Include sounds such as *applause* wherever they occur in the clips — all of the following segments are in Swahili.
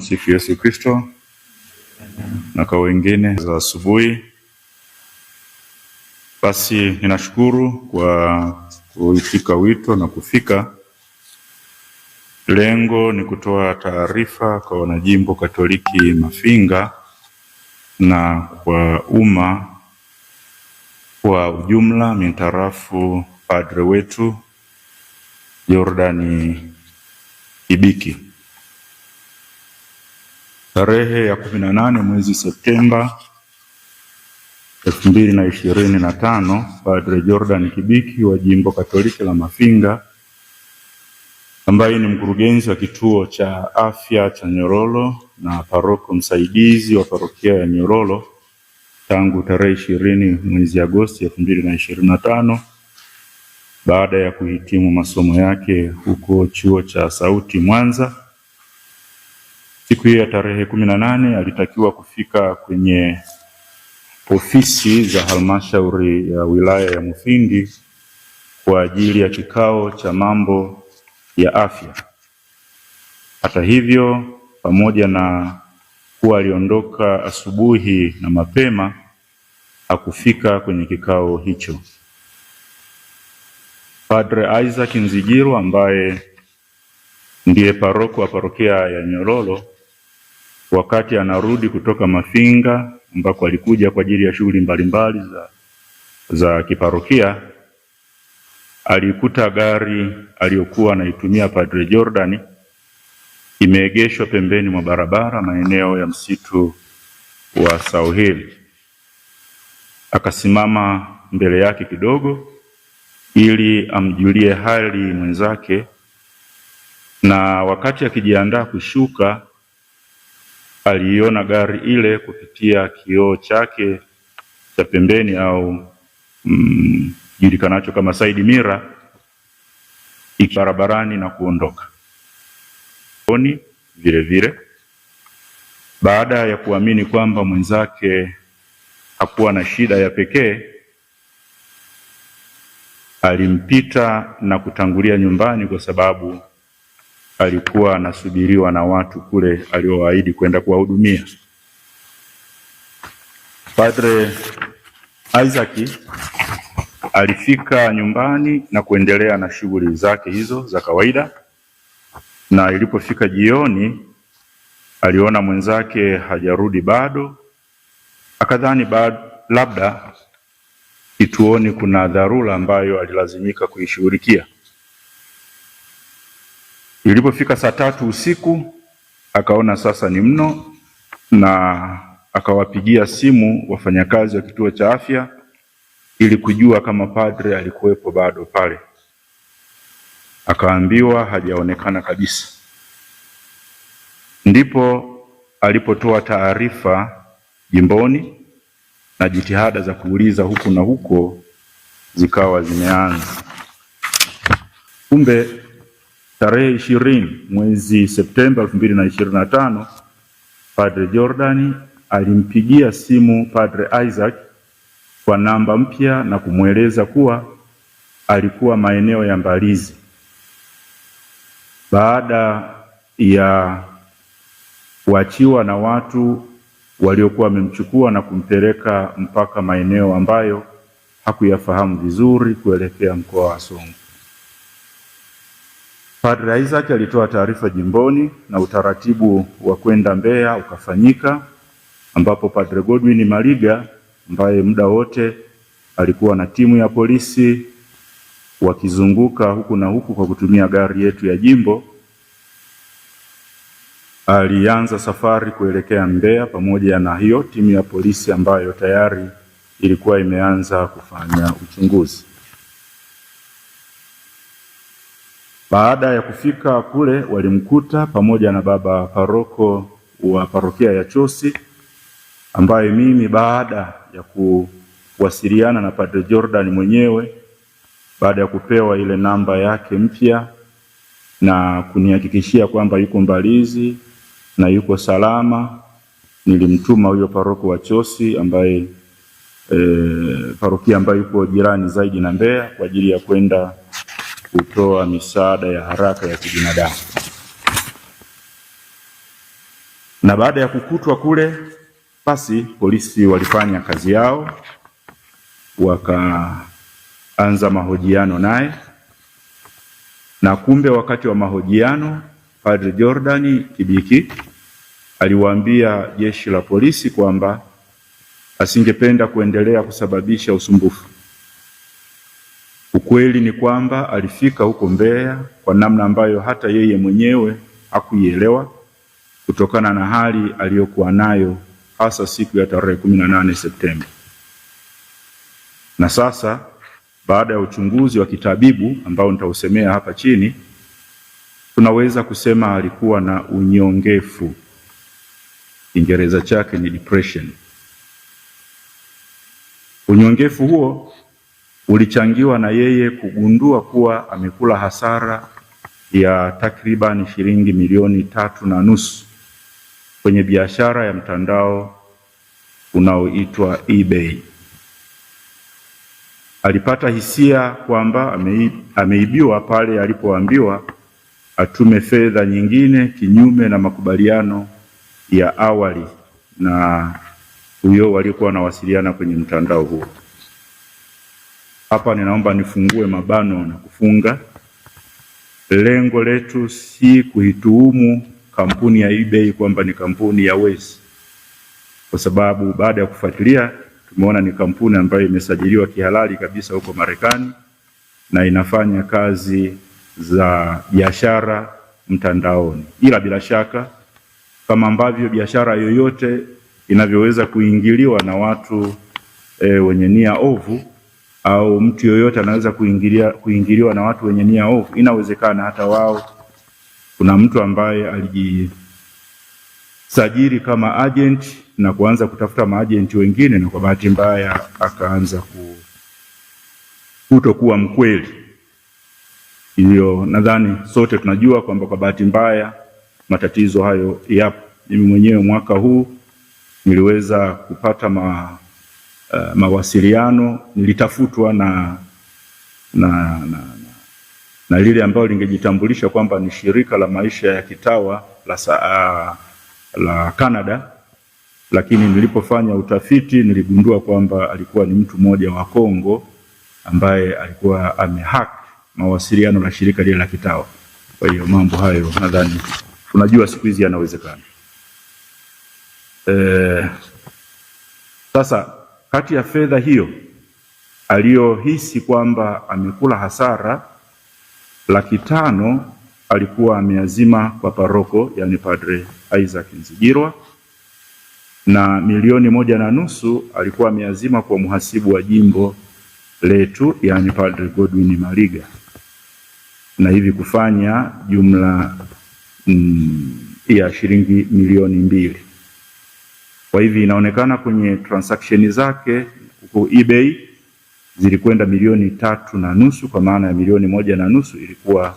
Msifu Yesu Kristo. Na kwa wengine za asubuhi, basi ninashukuru kwa kuitika wito na kufika. Lengo ni kutoa taarifa kwa wanajimbo Katoliki Mafinga na kwa umma kwa ujumla, mintarafu padre wetu Jordani ibiki tarehe ya kumi na nane mwezi Septemba elfu mbili na ishirini na tano Padre Jordan Kibiki wa jimbo Katoliki la Mafinga ambaye ni mkurugenzi wa kituo cha afya cha Nyororo na paroko msaidizi wa parokia ya Nyororo tangu tarehe ishirini mwezi Agosti elfu mbili na ishirini na tano baada ya kuhitimu masomo yake huko chuo cha Sauti Mwanza siku hiyo ya tarehe kumi na nane alitakiwa kufika kwenye ofisi za halmashauri ya wilaya ya Mufindi kwa ajili ya kikao cha mambo ya afya. Hata hivyo, pamoja na kuwa aliondoka asubuhi na mapema, hakufika kwenye kikao hicho. Padre Isaac Nzigiro ambaye ndiye paroko wa parokia ya Nyololo wakati anarudi kutoka Mafinga ambako alikuja kwa ajili ya shughuli mbalimbali za, za kiparokia alikuta gari aliyokuwa anaitumia Padre Jordan imeegeshwa pembeni mwa barabara maeneo ya msitu wa Hill. Akasimama mbele yake kidogo ili amjulie hali mwenzake, na wakati akijiandaa kushuka aliiona gari ile kupitia kioo chake cha pembeni au mm, julikanacho kama side mirror iki barabarani na kuondoka oni. Vile vile baada ya kuamini kwamba mwenzake hakuwa na shida ya pekee, alimpita na kutangulia nyumbani kwa sababu alikuwa anasubiriwa na watu kule aliowaahidi kwenda kuwahudumia. Padre Isaac alifika nyumbani na kuendelea na shughuli zake hizo za kawaida, na ilipofika jioni aliona mwenzake hajarudi bado, akadhani bado labda kituoni kuna dharura ambayo alilazimika kuishughulikia. Ilipofika saa tatu usiku akaona sasa ni mno, na akawapigia simu wafanyakazi wa kituo cha afya ili kujua kama padre alikuwepo bado pale. Akaambiwa hajaonekana kabisa, ndipo alipotoa taarifa jimboni na jitihada za kuuliza huku na huko zikawa zimeanza. Kumbe tarehe ishirini mwezi Septemba elfu mbili na ishirini na tano Padre Jordan alimpigia simu Padre Isaac kwa namba mpya na kumweleza kuwa alikuwa maeneo ya Mbalizi. Baada ya kuachiwa na watu waliokuwa wamemchukua na kumpeleka mpaka maeneo ambayo hakuyafahamu vizuri kuelekea mkoa wa Songwe. Padre Isaac alitoa taarifa jimboni na utaratibu wa kwenda Mbeya ukafanyika, ambapo Padre Godwin Maliga ambaye muda wote alikuwa na timu ya polisi wakizunguka huku na huku kwa kutumia gari yetu ya jimbo, alianza safari kuelekea Mbeya pamoja na hiyo timu ya polisi ambayo tayari ilikuwa imeanza kufanya uchunguzi. Baada ya kufika kule, walimkuta pamoja na baba paroko wa parokia ya Chosi, ambaye mimi baada ya kuwasiliana na Padre Jordan mwenyewe baada ya kupewa ile namba yake mpya na kunihakikishia kwamba yuko Mbalizi na yuko salama, nilimtuma huyo paroko wa Chosi ambaye e, parokia ambayo yuko jirani zaidi na Mbeya kwa ajili ya kwenda kutoa misaada ya haraka ya kibinadamu. Na baada ya kukutwa kule, basi polisi walifanya kazi yao, wakaanza mahojiano naye, na kumbe wakati wa mahojiano Padre Jordan Kibiki aliwaambia jeshi la polisi kwamba asingependa kuendelea kusababisha usumbufu Ukweli ni kwamba alifika huko Mbeya kwa namna ambayo hata yeye mwenyewe hakuielewa kutokana na hali aliyokuwa nayo hasa siku ya tarehe kumi na nane Septemba. Na sasa baada ya uchunguzi wa kitabibu ambao nitausemea hapa chini, tunaweza kusema alikuwa na unyongefu, Kiingereza chake ni depression. Unyongefu huo ulichangiwa na yeye kugundua kuwa amekula hasara ya takriban shilingi milioni tatu na nusu kwenye biashara ya mtandao unaoitwa eBay. Alipata hisia kwamba ameibiwa pale alipoambiwa atume fedha nyingine kinyume na makubaliano ya awali na huyo waliokuwa wanawasiliana kwenye mtandao huo. Hapa ninaomba nifungue mabano na kufunga. Lengo letu si kuituhumu kampuni ya eBay kwamba ni kampuni ya wezi, kwa sababu baada ya kufuatilia tumeona ni kampuni ambayo imesajiliwa kihalali kabisa huko Marekani na inafanya kazi za biashara mtandaoni, ila bila shaka kama ambavyo biashara yoyote inavyoweza kuingiliwa na watu e, wenye nia ovu au mtu yoyote anaweza kuingilia kuingiliwa na watu wenye nia ovu. Inawezekana hata wao, kuna mtu ambaye alijisajili kama agent na kuanza kutafuta maajenti wengine, na kwa bahati mbaya akaanza kutokuwa mkweli. Hiyo nadhani sote tunajua kwamba kwa bahati mbaya matatizo hayo yapo. Mimi mwenyewe mwaka huu niliweza kupata ma uh, mawasiliano nilitafutwa na na, na, na, na lile ambalo lingejitambulisha kwamba ni shirika la maisha ya kitawa la, saa, ah, la Canada, lakini nilipofanya utafiti niligundua kwamba alikuwa ni mtu mmoja wa Kongo ambaye alikuwa amehack mawasiliano la shirika lile la kitawa. Kwa hiyo mambo hayo nadhani tunajua siku hizi yanawezekana. Eh, sasa kati ya fedha hiyo aliyohisi kwamba amekula hasara, laki tano alikuwa ameazima kwa paroko, yani Padre Isaac Nzigirwa, na milioni moja na nusu alikuwa ameazima kwa mhasibu wa jimbo letu, yani Padre Godwin Maliga, na hivi kufanya jumla mm, ya shilingi milioni mbili. Kwa hivyo inaonekana kwenye transaction zake huko eBay zilikwenda milioni tatu na nusu kwa maana ya milioni moja na nusu ilikuwa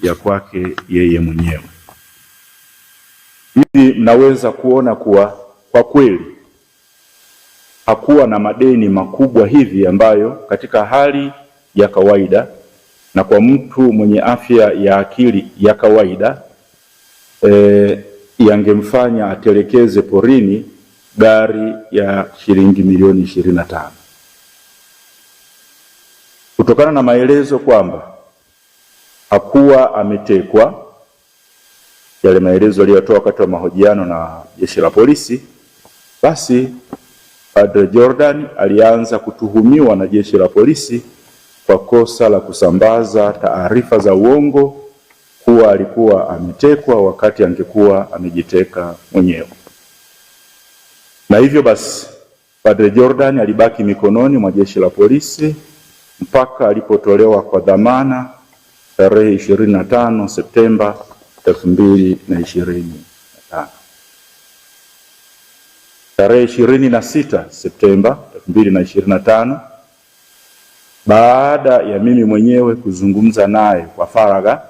ya kwake yeye mwenyewe. Hivi mnaweza kuona kuwa kwa kweli hakuwa na madeni makubwa hivi ambayo katika hali ya kawaida na kwa mtu mwenye afya ya akili ya kawaida e, yangemfanya atelekeze porini gari ya shilingi milioni ishirini na tano kutokana na maelezo kwamba hakuwa ametekwa. Yale maelezo aliyotoa wakati wa mahojiano na jeshi la polisi, basi Padre Jordan alianza kutuhumiwa na jeshi la polisi kwa kosa la kusambaza taarifa za uongo kuwa alikuwa ametekwa wakati angekuwa amejiteka mwenyewe. Na hivyo basi Padre Jordan alibaki mikononi mwa jeshi la polisi mpaka alipotolewa kwa dhamana tarehe 25 Septemba 2025. Tarehe 26 Septemba 2025, baada ya mimi mwenyewe kuzungumza naye kwa faragha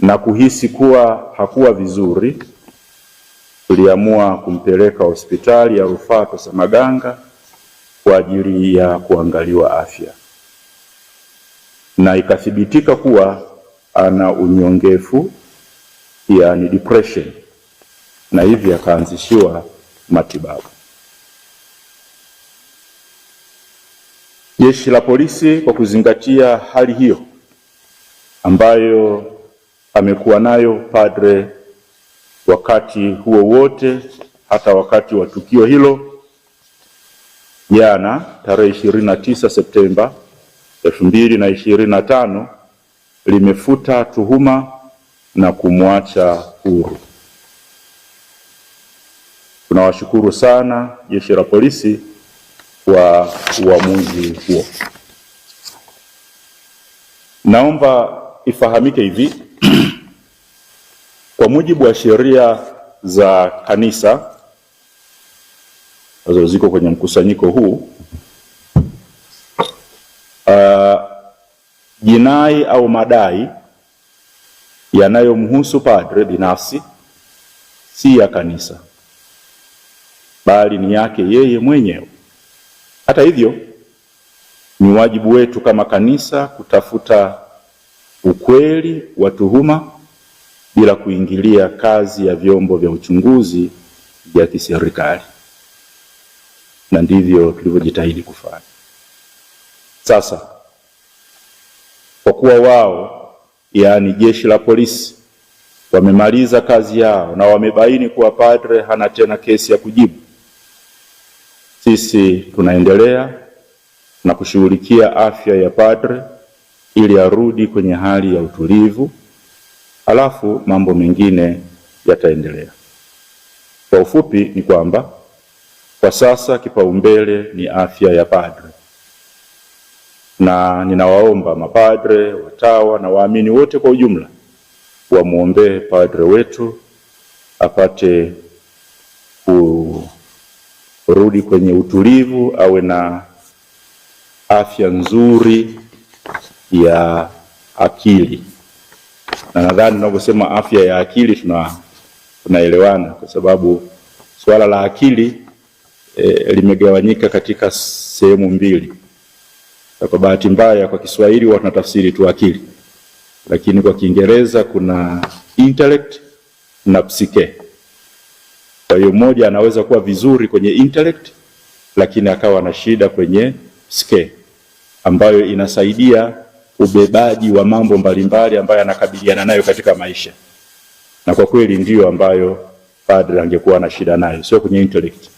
na kuhisi kuwa hakuwa vizuri tuliamua kumpeleka hospitali ya rufaa Tosamaganga kwa ajili ya kuangaliwa afya, na ikathibitika kuwa ana unyongefu, yaani depression, na hivyo akaanzishiwa matibabu. Jeshi la polisi kwa kuzingatia hali hiyo ambayo amekuwa nayo Padre wakati huo wote hata wakati wa tukio hilo jana tarehe ishirini na tisa Septemba elfu mbili na ishirini na tano limefuta tuhuma na kumwacha huru. Tunawashukuru sana jeshi la polisi kwa uamuzi huo. Naomba ifahamike hivi *clears throat* Kwa mujibu wa sheria za kanisa ambazo ziko kwenye mkusanyiko huu, uh, jinai au madai yanayomhusu padre binafsi si ya kanisa, bali ni yake yeye mwenyewe. Hata hivyo, ni wajibu wetu kama kanisa kutafuta ukweli wa tuhuma bila kuingilia kazi ya vyombo vya uchunguzi vya kiserikali, na ndivyo tulivyojitahidi kufanya. Sasa kwa kuwa wao, yaani jeshi la polisi, wamemaliza kazi yao na wamebaini kuwa padre hana tena kesi ya kujibu, sisi tunaendelea na kushughulikia afya ya padre ili arudi kwenye hali ya utulivu halafu mambo mengine yataendelea. Kwa ufupi ni kwamba kwa sasa kipaumbele ni afya ya padre, na ninawaomba mapadre, watawa na waamini wote kwa ujumla wamwombee padre wetu apate kurudi kwenye utulivu, awe na afya nzuri ya akili na nadhani tunavyosema afya ya akili tuna tunaelewana kwa sababu suala la akili e, limegawanyika katika sehemu mbili. Kwa bahati mbaya, kwa Kiswahili huwa tunatafsiri tu akili, lakini kwa Kiingereza kuna intellect na psyche. Kwa hiyo mmoja anaweza kuwa vizuri kwenye intellect, lakini akawa na shida kwenye psyche ambayo inasaidia ubebaji wa mambo mbalimbali ambayo anakabiliana nayo katika maisha, na kwa kweli ndiyo ambayo padre angekuwa na shida nayo, sio kwenye intellect.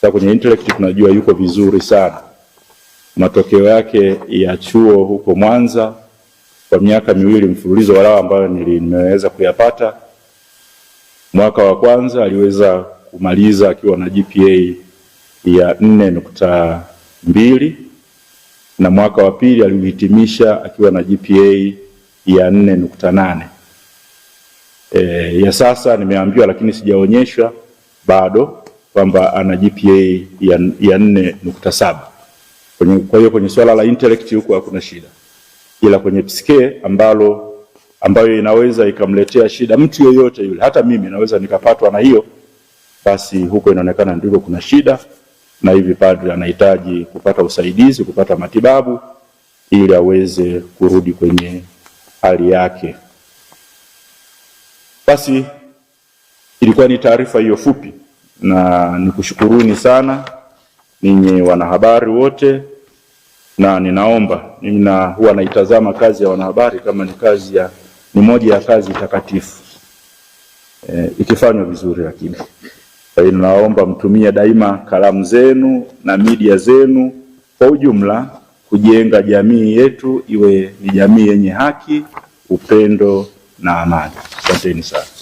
Sasa kwenye intellect tunajua yuko vizuri sana. Matokeo yake ya chuo huko Mwanza kwa miaka miwili mfululizo walao ambayo nimeweza kuyapata, mwaka wa kwanza aliweza kumaliza akiwa na GPA ya nne nukta mbili na mwaka wa pili aliuhitimisha akiwa na GPA ya 4.8. Eh, ya sasa nimeambiwa lakini sijaonyeshwa bado kwamba ana GPA ya nne nukta saba. Kwa hiyo kwenye swala la intellect huko hakuna shida, ila kwenye psike ambalo ambayo inaweza ikamletea shida mtu yoyote yule, hata mimi naweza nikapatwa na hiyo, basi huko inaonekana ndiko kuna shida na hivi padri anahitaji kupata usaidizi, kupata matibabu ili aweze kurudi kwenye hali yake. Basi ilikuwa ni taarifa hiyo fupi, na nikushukuruni sana ninyi wanahabari wote, na ninaomba nina, huwa naitazama kazi ya wanahabari kama ni kazi ya ni moja ya kazi takatifu, e, ikifanywa vizuri lakini kwa hiyo naomba mtumie daima kalamu zenu na media zenu kwa ujumla kujenga jamii yetu iwe ni jamii yenye haki, upendo na amani. Asanteni sana.